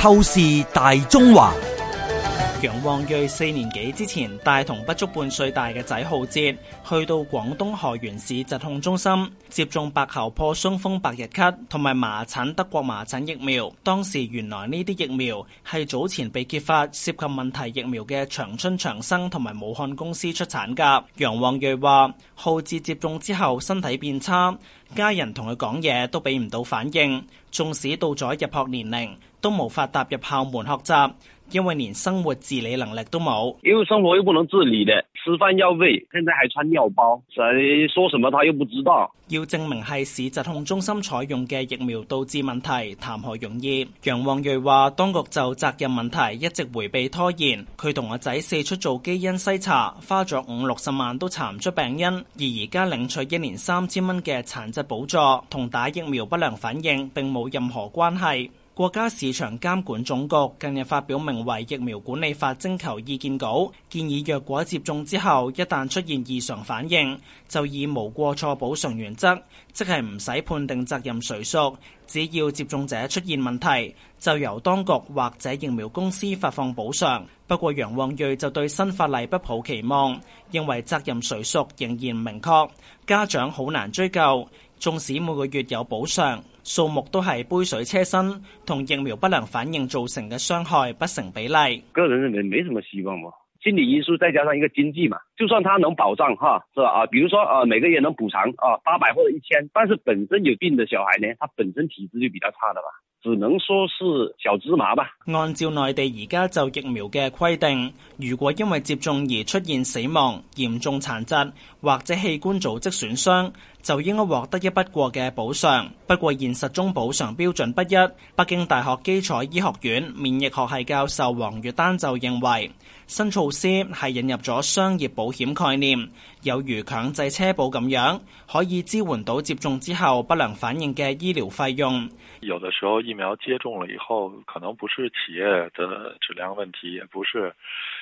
透視大中華。楊旺瑞四年幾之前，帶同不足半歲大嘅仔浩哲，去到廣東河源市疾控中心接種白喉破傷風、百日咳同埋麻疹德國麻疹疫苗。當時原來呢啲疫苗係早前被揭發涉及問題疫苗嘅長春長生同埋武漢公司出產噶。楊旺銳話：浩哲接種之後身體變差，家人同佢講嘢都俾唔到反應，縱使到咗入學年齡，都無法踏入校門學習。因為連生活自理能力都冇，因為生活又不能自理的，吃飯要餵，現在還穿尿包，誰說什麼他又不知道。要證明係市疾控中心採用嘅疫苗導致問題，談何容易？楊旺瑞話，當局就責任問題一直回避拖延。佢同阿仔四出做基因篩查，花咗五六十萬都查唔出病因，而而家領取一年三千蚊嘅殘疾補助，同打疫苗不良反應並冇任何關係。國家市場監管總局近日發表名為《疫苗管理法》徵求意見稿，建議若果接種之後一旦出現異常反應，就以無過錯補償原則，即係唔使判定責任誰屬，只要接種者出現問題，就由當局或者疫苗公司發放補償。不過楊旺瑞就對新法例不抱期望，認為責任誰屬仍然明確，家長好難追究，縱使每個月有補償，數目都係杯水車薪，同疫苗不良反應造成嘅傷害不成比例。個人認為，沒什麼希望喎。心理因素再加上一個經濟嘛，就算他能保障，哈，是吧？啊，比如說，啊，每個月能補償，啊，八百或者一千，但是本身有病嘅小孩呢，他本身體質就比較差啦嘛。只能說是小芝麻吧。按照內地而家就疫苗嘅規定，如果因為接種而出現死亡、嚴重殘疾或者器官組織損傷，就應該獲得一筆過嘅補償。不過現實中補償標準不一。北京大學基礎醫學院免疫學系教授王月丹就認為，新措施係引入咗商業保險概念，有如強制車保咁樣，可以支援到接種之後不良反應嘅醫療費用。有的時候疫苗接種了以後，可能不是企業的質量問題，也不是，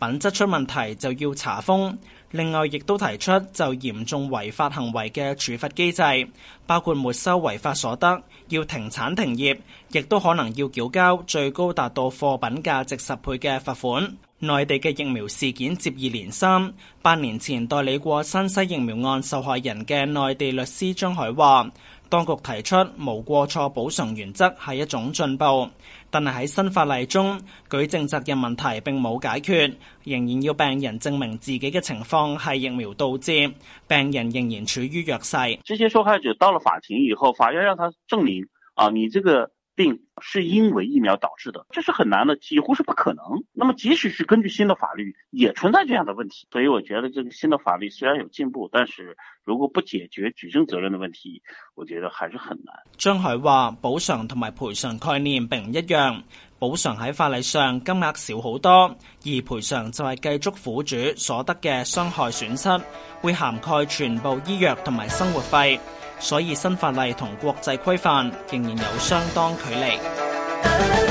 品質出問題就要查封，另外亦都提出就嚴重違法行為嘅處罰機制，包括沒收違法所得，要停產停業，亦都可能要繳交最高達到貨品價值十倍嘅罰款。內地嘅疫苗事件接二連三，八年前代理過山西疫苗案受害人嘅內地律師張海話，當局提出無過錯補償原則係一種進步，但係喺新法例中舉證責任問題並冇解決，仍然要病人證明自己嘅情況係疫苗導致，病人仍然處於弱勢。這些受害者到了法庭以後，法院讓他證明啊，你這個。病是因為疫苗導致的，這是很難的，幾乎是不可能。那麼，即使是根據新的法律，也存在這樣的問題。所以，我覺得這個新的法律雖然有進步，但是如果不解決舉證責任的問題，我覺得還是很難。張海話：補償同埋賠償概念並唔一樣，補償喺法例上金額少好多，而賠償就係計足苦主所得嘅傷害損失，會涵蓋全部醫藥同埋生活費。所以新法例同國際規範仍然有相當距離。